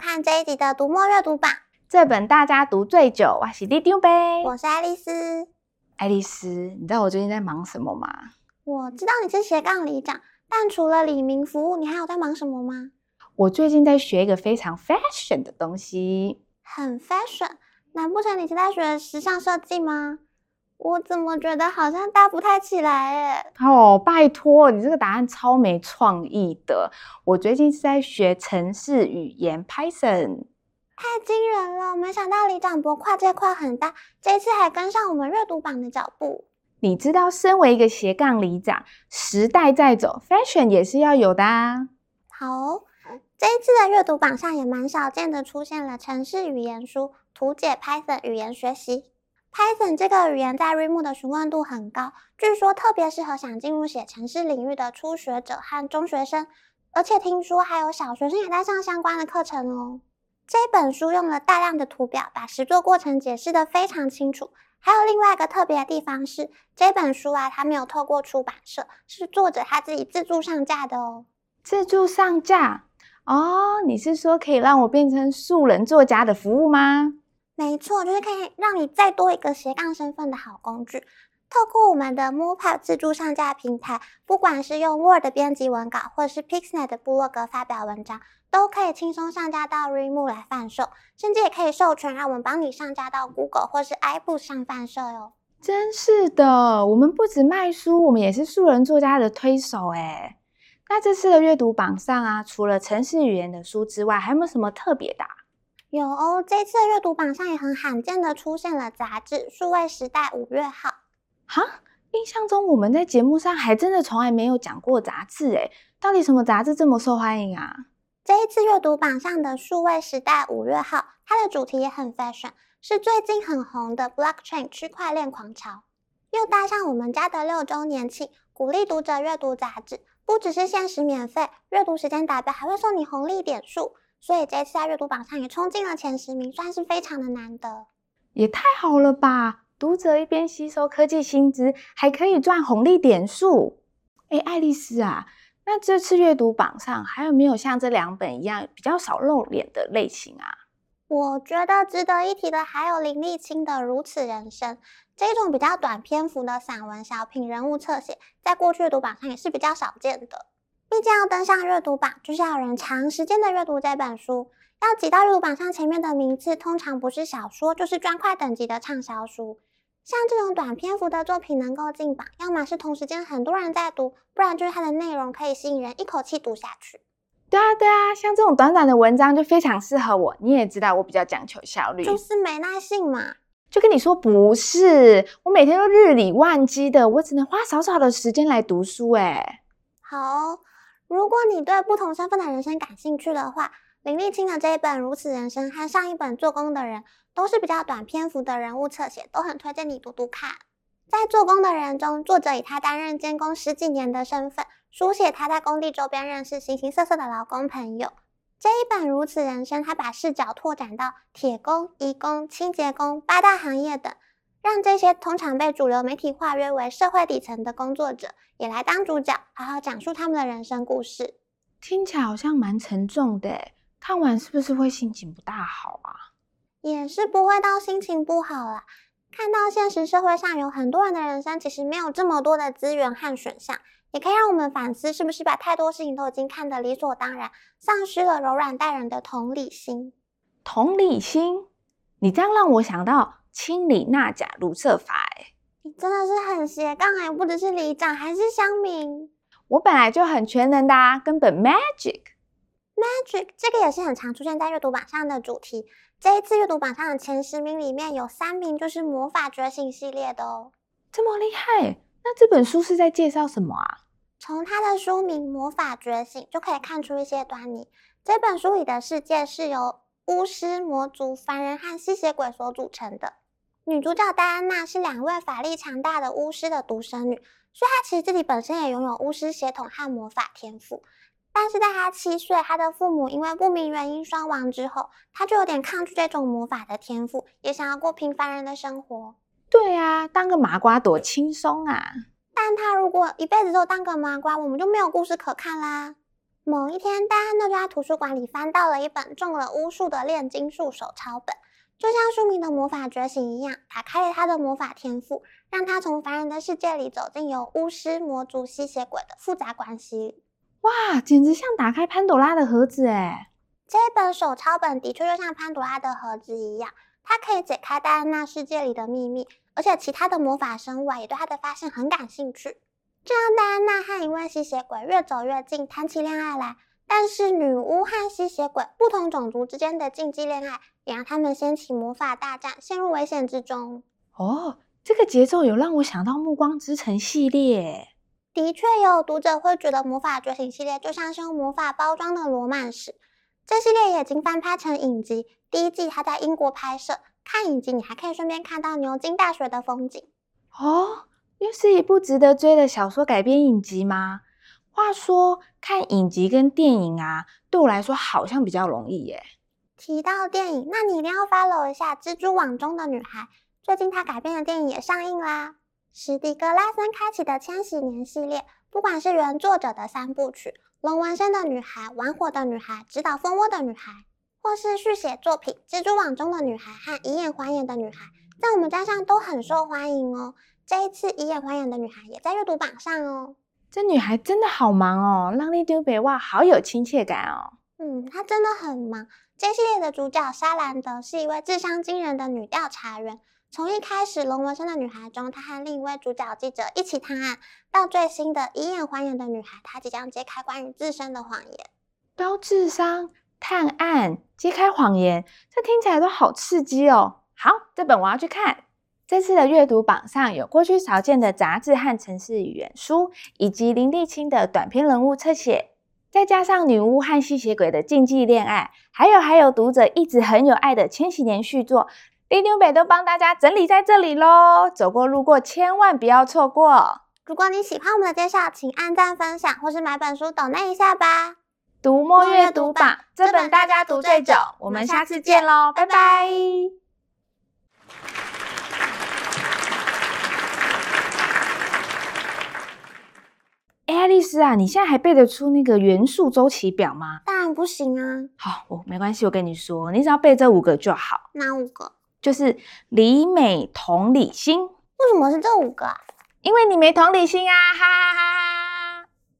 看這一集的讀墨閱讀榜，這本大家讀最久哇，我是丟丟貝。我是愛麗絲，愛麗絲，你知道，我最近在忙什麼嗎？我知道你是斜槓里長，但除了里民服務，你還有在忙什麼嗎？我最近在學一個非常 fashion 的東西，很 fashion，難不成你是在學時尚設計嗎？我怎麼覺得好像搭不太起來誒。哦，拜託，你這個答案超沒創意的。我最近是在學程式語言 Python，太驚人了！沒想到里長伯跨界跨很大，這次還跟上我們閱讀榜的腳步。你知道，身為一個斜槓里長，時代在走，Fashion 也是要有的啊。好。哦，這一次的閱讀榜上也蠻少見的，出現了程式語言書《圖解 Python 語言學習》。Python 這個語言在 Readmoo 的詢問度很高，據說特別適合想進入寫程式領域的初學者和中學生，而且聽說還有小學生也在上相關的課程哦。這本書用了大量的圖表，把實作過程解釋得非常清楚。還有另外一個特別的地方是，這本書啊，它沒有透過出版社，是作者他自己自助上架的哦。自助上架？哦，你是說可以讓我變成素人作家的服務嗎？沒錯，就是可以讓你再多一個斜槓身份的好工具。透過我們的 MooPub 自助上架平台，不管是用 Word 編輯文稿，或是 Pixnet 的部落格發表文章，都可以輕鬆上架到 Readmoo 來販售，甚至也可以授權讓我們幫你上架到 Google 或是 iBooks 上販售喲。真是的，我們不只賣書，我們也是素人作家的推手誒。那這次的閱讀榜上啊，除了程式語言的書之外，還有沒有什麼特別的？有哦，這一次閱讀榜上也很罕見的出現了雜誌《數位時代五月號》。哈，印象中我們在節目上還真的從來沒有講過雜誌誒，到底什麼雜誌這麼受歡迎啊？這一次閱讀榜上的《數位時代五月號》，它的主題也很 fashion，是最近很紅的 Blockchain 區塊鏈狂潮。又搭上我們家的六周年慶，鼓勵讀者閱讀雜誌，不只是限時免費，閱讀時間達標還會送你紅利點數。所以這次在閱讀榜上也衝進了前十名，算是非常的難得。也太好了吧！讀者一邊吸收科技新知，還可以賺紅利點數。哎，愛麗絲啊，那這次閱讀榜上還有沒有像這兩本一樣比較少露臉的類型啊？我覺得值得一提的還有林立青的《如此人生》，這種比較短篇幅的散文、小品、人物側寫，在過去閱讀榜上也是比較少見的。畢竟要登上閱讀榜，就是要有人長時間的閱讀這本書。要擠到入榜上前面的名字，通常不是小說，就是磚塊等級的暢銷書。像這種短篇幅的作品能夠進榜，要麼是同時間很多人在讀，不然就是它的內容可以吸引人一口氣讀下去。對啊對啊，像這種短短的文章就非常適合我。你也知道我比較講求效率，就是沒耐性嘛。就跟你說不是，我每天都日理萬機的，我只能花少少的時間來讀書。哎、哦，好。如果你對不同身份的人生感興趣的話，林立青的這一本《如此人生》和上一本《做工的人》都是比較短篇幅的人物側寫，都很推薦你讀讀看。在《做工的人》中，作者以他擔任監工十幾年的身份，書寫他在工地周邊認識形形色色的勞工朋友。這一本《如此人生》，他把視角拓展到鐵工、泥工、清潔工、八大行業等。讓這些通常被主流媒體化約為社會底層的工作者也來當主角，好好講述他們的人生故事，聽起來好像蠻沉重的。看完是不是會心情不大好啊？也是不會到心情不好了啊。看到現實社會上有很多人的人生，其實沒有這麼多的資源和選項，也可以讓我們反思，是不是把太多事情都已經看得理所當然，喪失了柔軟待人的同理心。同理心，你這樣讓我想到。氫鋰鈉鉀銣銫鍅、欸，你真的是很斜槓哎，剛不只是里長，還是鄉民。我本來就很全能的啊，根本 magic magic 這個也是很常出現在閱讀榜上的主題。這一次閱讀榜上的前十名裡面有三名就是魔法覺醒系列的哦。這麼厲害，那這本書是在介紹什麼啊？從它的書名《魔法覺醒》就可以看出一些端倪。這本書裡的世界是由巫師、魔族、凡人和吸血鬼所組成的。女主角戴安娜是兩位法力強大的巫師的獨生女，所以她其實自己本身也擁有巫師血統和魔法天賦。但是在她七歲，她的父母因為不明原因雙亡之後，她就有點抗拒這種魔法的天賦，也想要過平凡人的生活。對啊，當個麻瓜多輕鬆啊！但她如果一輩子都當個麻瓜，我們就沒有故事可看啦。某一天，戴安娜就在圖書館裡翻到了一本中了巫術的煉金術手抄本。就像書名的魔法覺醒一樣，打開了他的魔法天賦，讓他從凡人的世界裡走進由巫師、魔族、吸血鬼的複雜關係。哇，簡直像打開潘朵拉的盒子哎！這本手抄本的確就像潘朵拉的盒子一樣，它可以解開戴安娜世界裡的祕密，而且其他的魔法生物啊也對他的發現很感興趣，這讓戴安娜和一位吸血鬼越走越近，談起戀愛來。但是女巫和吸血鬼不同種族之間的禁忌戀愛，也讓他們掀起魔法大戰，陷入危險之中。哦，這個節奏有讓我想到《暮光之城》系列。的確有讀者會覺得《魔法覺醒》系列就像是用魔法包裝的羅曼史。這系列也已經翻拍成影集，第一季他在英國拍攝，看影集你還可以順便看到牛津大學的風景。哦，又是一部值得追的小說改編影集嗎？話說，看影集跟電影啊，對我來說好像比較容易耶。提到電影，那你一定要 follow 一下《蜘蛛網中的女孩》，最近它改編的電影也上映啦。史蒂格拉森開啟的千禧年系列，不管是原作者的三部曲《龍紋身的女孩》、《玩火的女孩》、《直搗蜂窩的女孩》，或是續寫作品《蜘蛛網中的女孩》和《以眼還眼的女孩》，在我們站上都很受歡迎哦。這一次《以眼還眼的女孩》也在閱讀榜上哦。這女孩真的好忙哦，讓利丟北哇，好有親切感哦。嗯，她真的很忙。這系列的主角莎蘭德是一位智商驚人的女調查員。從一開始龍紋身的女孩中，她和另一位主角記者一起探案，到最新的以眼還眼的女孩，她即將揭開關於自身的謊言。高智商探案揭開謊言，這聽起來都好刺激哦。好，這本我要去看。這次的閱讀榜上有過去少見的雜誌和程式語言書，以及林立青的短篇人物側寫，再加上女巫和吸血鬼的禁忌戀愛，還有還有讀者一直很有愛的千禧年續作，里長伯都幫大家整理在這裡嘍。走過路過千萬不要錯過。如果你喜歡我們的介紹，請按讚分享，或是買本書抖內一下吧。讀墨閱讀榜，這本大家讀最久，我們下次見嘍，拜拜。哎、欸，愛麗絲啊，你現在還背得出那個元素週期表嗎？當然不行啊！好，我、哦、沒關係，我跟你說，你只要背這五個就好。哪五個？就是李美同理心。為什麼是這五個？因為你沒同理心啊！哈哈哈哈。